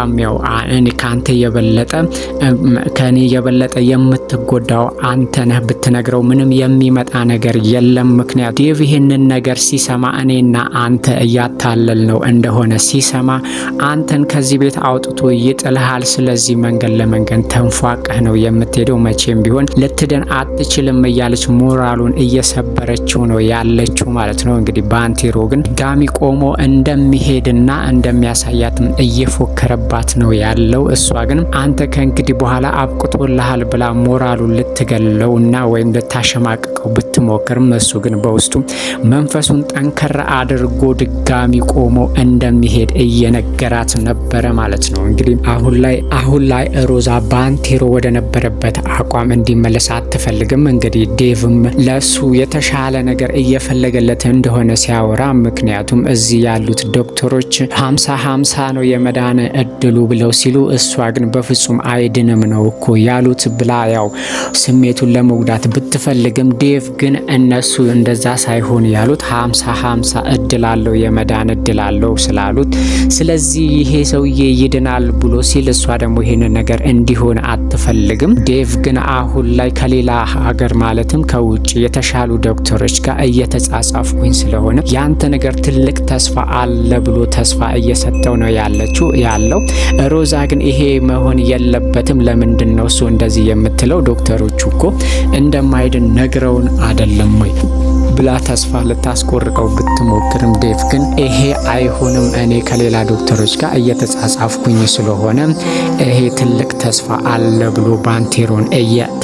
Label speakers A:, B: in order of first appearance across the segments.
A: አንፋም ያው ከአንተ የበለጠ ከእኔ የበለጠ የምትጎዳው አንተ ነህ ብትነግረው ምንም የሚመጣ ነገር የለም። ምክንያቱ ዴቭ ይህንን ነገር ሲሰማ እኔና አንተ እያታለል ነው እንደሆነ ሲሰማ አንተን ከዚህ ቤት አውጥቶ ይጥልሃል። ስለዚህ መንገድ ለመንገድ ተንፏቀህ ነው የምትሄደው፣ መቼም ቢሆን ልትደን አትችልም እያለች ሞራሉን እየሰበረችው ነው ያለችው ማለት ነው። እንግዲህ ባንቴሮ ግን ጋሚ ቆሞ እንደሚሄድና እንደሚያሳያትም እየፎከረ እየተወራባት ነው ያለው። እሷ ግን አንተ ከእንግዲህ በኋላ አብቅቶልሃል ብላ ሞራሉን ልትገለው እና ወይም ልታሸማቅቀው ብትሞክርም እሱ ግን በውስጡ መንፈሱን ጠንከር አድርጎ ድጋሚ ቆሞ እንደሚሄድ እየነገራት ነበረ ማለት ነው። እንግዲህ አሁን ላይ አሁን ላይ ሮዛ ባንቴሮ ወደ ነበረበት አቋም እንዲመለስ አትፈልግም። እንግዲህ ዴቭም ለሱ የተሻለ ነገር እየፈለገለት እንደሆነ ሲያወራ ምክንያቱም እዚህ ያሉት ዶክተሮች ሀምሳ ሀምሳ ነው የመዳን ገደሉ ብለው ሲሉ እሷ ግን በፍጹም አይድንም ነው እኮ ያሉት ብላ ያው ስሜቱን ለመጉዳት ብትፈልግም ዴቭ ግን እነሱ እንደዛ ሳይሆን ያሉት ሀምሳ ሀምሳ እድል አለው የመዳን እድል አለው ስላሉት፣ ስለዚህ ይሄ ሰውዬ ይድናል ብሎ ሲል እሷ ደግሞ ይሄንን ነገር እንዲሆን አትፈልግም። ዴቭ ግን አሁን ላይ ከሌላ ሀገር ማለትም ከውጭ የተሻሉ ዶክተሮች ጋር እየተጻጻፍኩኝ ስለሆነ ያንተ ነገር ትልቅ ተስፋ አለ ብሎ ተስፋ እየሰጠው ነው ያለችው ያለው ሮዛ ግን ይሄ መሆን የለበትም ለምንድን ነው እሱ እንደዚህ የምትለው ዶክተሮቹ እኮ እንደማይድን ነግረውን አደለም ወይ ብላ ተስፋ ልታስቆርጠው ብትሞክርም ዴቭ ግን ይሄ አይሆንም፣ እኔ ከሌላ ዶክተሮች ጋር እየተጻጻፍኩኝ ስለሆነ ይሄ ትልቅ ተስፋ አለ ብሎ ባንቴሮን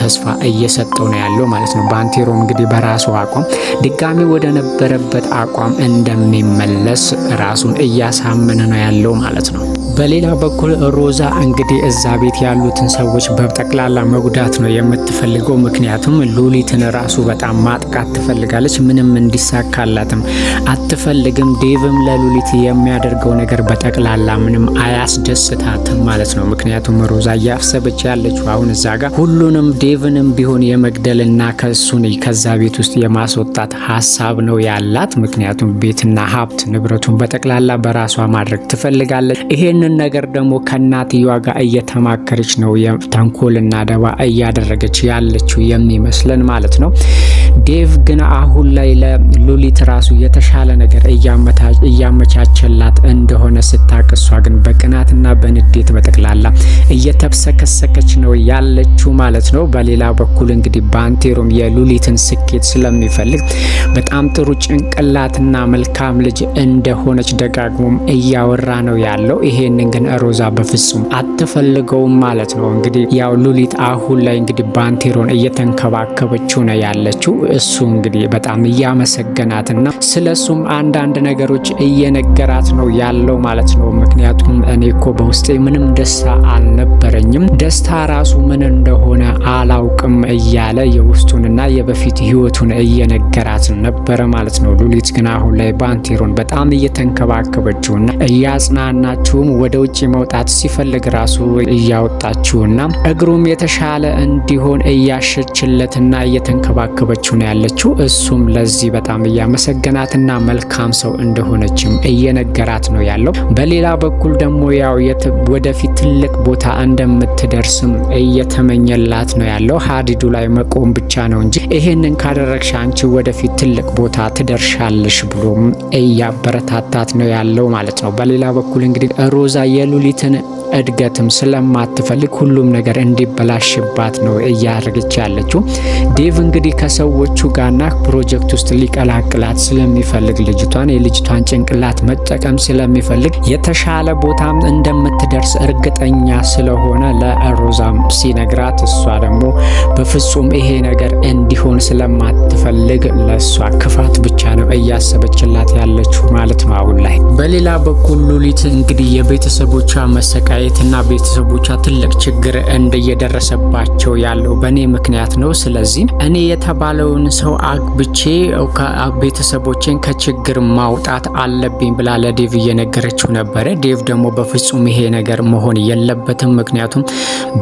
A: ተስፋ እየሰጠው ነው ያለው ማለት ነው። ባንቴሮ እንግዲህ በራሱ አቋም ድጋሚ ወደ ነበረበት አቋም እንደሚመለስ ራሱን እያሳመነ ነው ያለው ማለት ነው። በሌላ በኩል ሮዛ እንግዲህ እዛ ቤት ያሉትን ሰዎች በጠቅላላ መጉዳት ነው የምትፈልገው። ምክንያቱም ሉሊትን ራሱ በጣም ማጥቃት ትፈልጋለች። ምንም እንዲሳካላትም አትፈልግም። ዴቭም ለሉሊት የሚያደርገው ነገር በጠቅላላ ምንም አያስደስታትም ማለት ነው። ምክንያቱም ሮዛ እያፍሰበች ያለችው አሁን እዛ ጋር ሁሉንም ዴቭንም ቢሆን የመግደልና ከሱን ከዛ ቤት ውስጥ የማስወጣት ሀሳብ ነው ያላት። ምክንያቱም ቤትና ሀብት ንብረቱን በጠቅላላ በራሷ ማድረግ ትፈልጋለች። ይሄን ይህንን ነገር ደግሞ ከእናትየዋ ጋር እየተማከረች ነው ተንኮልና ደባ እያደረገች ያለችው የሚመስለን ማለት ነው። ዴቭ ግን አሁን ላይ ለሉሊት ራሱ የተሻለ ነገር እያመቻቸላት እንደሆነ ስታቅ እሷ ግን በቅናትና በንዴት በጠቅላላ እየተብሰከሰከች ነው ያለችው ማለት ነው። በሌላ በኩል እንግዲህ ባንቴሮም የሉሊትን ስኬት ስለሚፈልግ በጣም ጥሩ ጭንቅላትና መልካም ልጅ እንደሆነች ደጋግሞም እያወራ ነው ያለው። ይሄንን ግን ሮዛ በፍጹም አትፈልገውም ማለት ነው። እንግዲህ ያው ሉሊት አሁን ላይ እንግዲህ ባንቴሮን እየተንከባከበችው ነው ያለችው። እሱ እንግዲህ በጣም እያመሰገናትና ስለ እሱም አንዳንድ ነገሮች እየነገራት ነው ያለው ማለት ነው። ምክንያቱም እኔ እኮ በውስጤ ምንም ደስታ አልነበረኝም፣ ደስታ ራሱ ምን እንደሆነ አላውቅም እያለ የውስጡንና የበፊት ህይወቱን እየነገራት ነበረ ማለት ነው። ሉሊት ግን አሁን ላይ ባንቴሮን በጣም እየተንከባከበችውና እያጽናናችውም ወደ ውጭ መውጣት ሲፈልግ ራሱ እያወጣችውና እግሩም የተሻለ እንዲሆን እያሸችለትና እየተንከባከበችው እየሰጠችው ነው ያለችው። እሱም ለዚህ በጣም እያመሰገናትና መልካም ሰው እንደሆነችም እየነገራት ነው ያለው። በሌላ በኩል ደግሞ ያው ወደፊት ትልቅ ቦታ እንደምትደርስም እየተመኘላት ነው ያለው። ሀዲዱ ላይ መቆም ብቻ ነው እንጂ ይሄንን ካደረግሽ አንቺ ወደፊት ትልቅ ቦታ ትደርሻለሽ ብሎም እያበረታታት ነው ያለው ማለት ነው። በሌላ በኩል እንግዲህ ሮዛ የሉሊትን እድገትም ስለማትፈልግ ሁሉም ነገር እንዲበላሽባት ነው እያደረገች ያለችው። ዴቭ እንግዲህ ከሰው ሰዎቹ ጋና ፕሮጀክት ውስጥ ሊቀላቅላት ስለሚፈልግ ልጅቷን የልጅቷን ጭንቅላት መጠቀም ስለሚፈልግ የተሻለ ቦታም እንደምትደርስ እርግጠኛ ስለሆነ ለሮዛም ሲነግራት እሷ ደግሞ በፍጹም ይሄ ነገር እንዲሆን ስለማትፈልግ ለእሷ ክፋት ብቻ ነው እያሰበችላት ያለችው ማለት ነው። አሁን ላይ በሌላ በኩል ሉሊት እንግዲህ የቤተሰቦቿ መሰቃየትና ቤተሰቦቿ ትልቅ ችግር እንደየደረሰባቸው ያለው በእኔ ምክንያት ነው። ስለዚህ እኔ የተባለው ያለውን ሰው አግብቼ ቤተሰቦቼን ከችግር ማውጣት አለብኝ ብላ ለዴቭ እየነገረችው ነበረ። ዴቭ ደግሞ በፍጹም ይሄ ነገር መሆን የለበትም፣ ምክንያቱም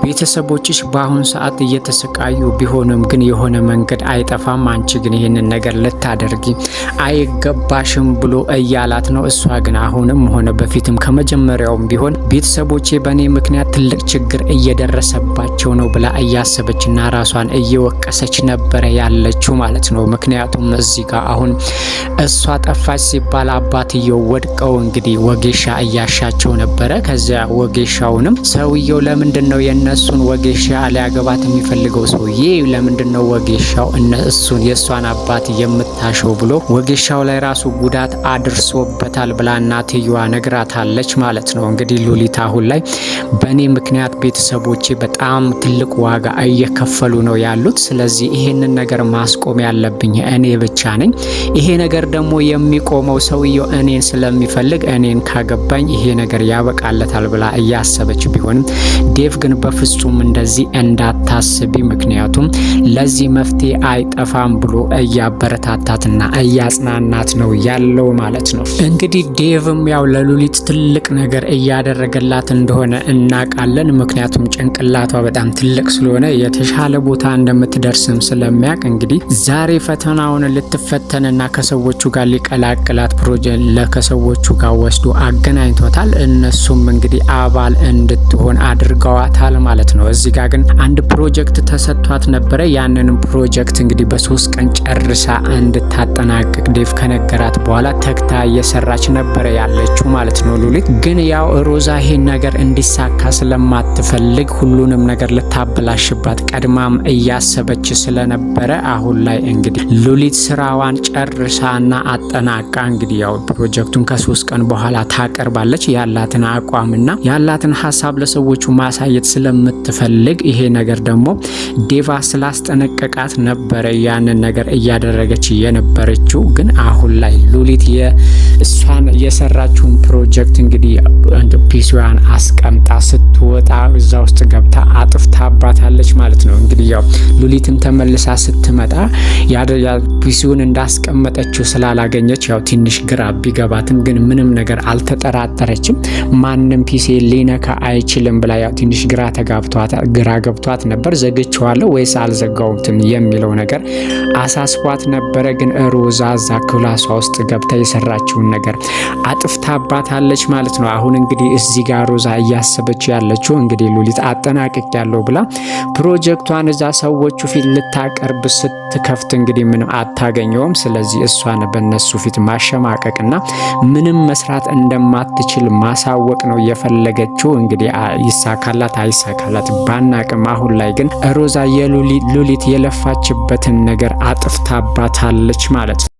A: ቤተሰቦችሽ በአሁኑ ሰዓት እየተሰቃዩ ቢሆንም ግን የሆነ መንገድ አይጠፋም፣ አንቺ ግን ይህንን ነገር ልታደርጊ አይገባሽም ብሎ እያላት ነው። እሷ ግን አሁንም ሆነ በፊትም ከመጀመሪያውም ቢሆን ቤተሰቦቼ በእኔ ምክንያት ትልቅ ችግር እየደረሰባቸው ነው ብላ እያሰበችና ራሷን እየወቀሰች ነበረ ያለች ያለችው ማለት ነው። ምክንያቱም እዚህ ጋር አሁን እሷ ጠፋች ሲባል አባትየው ወድቀው እንግዲህ ወጌሻ እያሻቸው ነበረ። ከዚያ ወጌሻውንም ሰውየው ለምንድን ነው የእነሱን ወጌሻ ሊያገባት የሚፈልገው ሰውዬ ለምንድን ነው ወጌሻው እሱን የእሷን አባት የምታሸው ብሎ ወጌሻው ላይ ራሱ ጉዳት አድርሶበታል ብላ እናትየዋ ነግራታለች ማለት ነው። እንግዲህ ሉሊት አሁን ላይ በእኔ ምክንያት ቤተሰቦቼ በጣም ትልቅ ዋጋ እየከፈሉ ነው ያሉት። ስለዚህ ይሄንን ነገር ማ ማስቆም ያለብኝ እኔ ብቻ ነኝ። ይሄ ነገር ደግሞ የሚቆመው ሰውየው እኔን ስለሚፈልግ እኔን ካገባኝ ይሄ ነገር ያበቃለታል ብላ እያሰበች ቢሆንም ዴቭ ግን በፍጹም እንደዚህ እንዳታስቢ፣ ምክንያቱም ለዚህ መፍትሄ አይጠፋም ብሎ እያበረታታትና እያጽናናት ነው ያለው ማለት ነው። እንግዲህ ዴቭም ያው ለሉሊት ትልቅ ነገር እያደረገላት እንደሆነ እናውቃለን። ምክንያቱም ጭንቅላቷ በጣም ትልቅ ስለሆነ የተሻለ ቦታ እንደምትደርስም ስለሚያውቅ እንግዲህ ዛሬ ፈተናውን ልትፈተንና ከሰዎቹ ጋር ሊቀላቅላት ፕሮጀክት ከሰዎቹ ጋር ወስዶ አገናኝቷታል። እነሱም እንግዲህ አባል እንድትሆን አድርገዋታል ማለት ነው። እዚህ ጋር ግን አንድ ፕሮጀክት ተሰጥቷት ነበረ። ያንንም ፕሮጀክት እንግዲህ በሶስት ቀን ጨርሳ እንድታጠናቅቅ ዴቭ ከነገራት በኋላ ተግታ እየሰራች ነበረ ያለችው ማለት ነው። ሉሊት ግን ያው ሮዛ ይሄን ነገር እንዲሳካ ስለማትፈልግ ሁሉንም ነገር ልታበላሽባት ቀድማም እያሰበች ስለነበረ አሁን አሁን ላይ እንግዲህ ሉሊት ስራዋን ጨርሳና አጠናቃ እንግዲህ ያው ፕሮጀክቱን ከሶስት ቀን በኋላ ታቀርባለች። ያላትን አቋምና ያላትን ሀሳብ ለሰዎቹ ማሳየት ስለምትፈልግ ይሄ ነገር ደግሞ ዴቫ ስላስጠነቀቃት ነበረ ያንን ነገር እያደረገች የነበረችው። ግን አሁን ላይ ሉሊት እሷን የሰራችውን ፕሮጀክት እንግዲህ ፒሲዋን አስቀምጣ ስትወጣ እዛ ውስጥ ገብታ አጥፍታባታለች ማለት ነው። እንግዲህ ያው ሉሊትን ተመልሳ ስትመጣ ስታጣ ያዳቢሲውን እንዳስቀመጠችው ስላላገኘች ያው ትንሽ ግራ ቢገባትም ግን ምንም ነገር አልተጠራጠረችም። ማንም ፒሴ ሊነካ አይችልም ብላ ያው ትንሽ ግራ ተጋብቷት ግራ ገብቷት ነበር። ዘግቼዋለሁ ወይስ አልዘጋውትም የሚለው ነገር አሳስቧት ነበረ። ግን ሮዛ እዛ ክላሷ ውስጥ ገብታ የሰራችውን ነገር አጥፍታባታለች ማለት ነው። አሁን እንግዲህ እዚህ ጋር ሮዛ እያሰበች ያለችው እንግዲህ ሉሊት አጠናቅቅ ያለው ብላ ፕሮጀክቷን እዛ ሰዎቹ ፊት ልታቀርብ ስት ትከፍት እንግዲህ ምንም አታገኘውም። ስለዚህ እሷን በነሱ ፊት ማሸማቀቅና ምንም መስራት እንደማትችል ማሳወቅ ነው የፈለገችው። እንግዲህ ይሳካላት አይሳካላት ባናቅም፣ አሁን ላይ ግን ሮዛ የሉሊት የለፋችበትን ነገር አጥፍታባታለች ማለት ነው።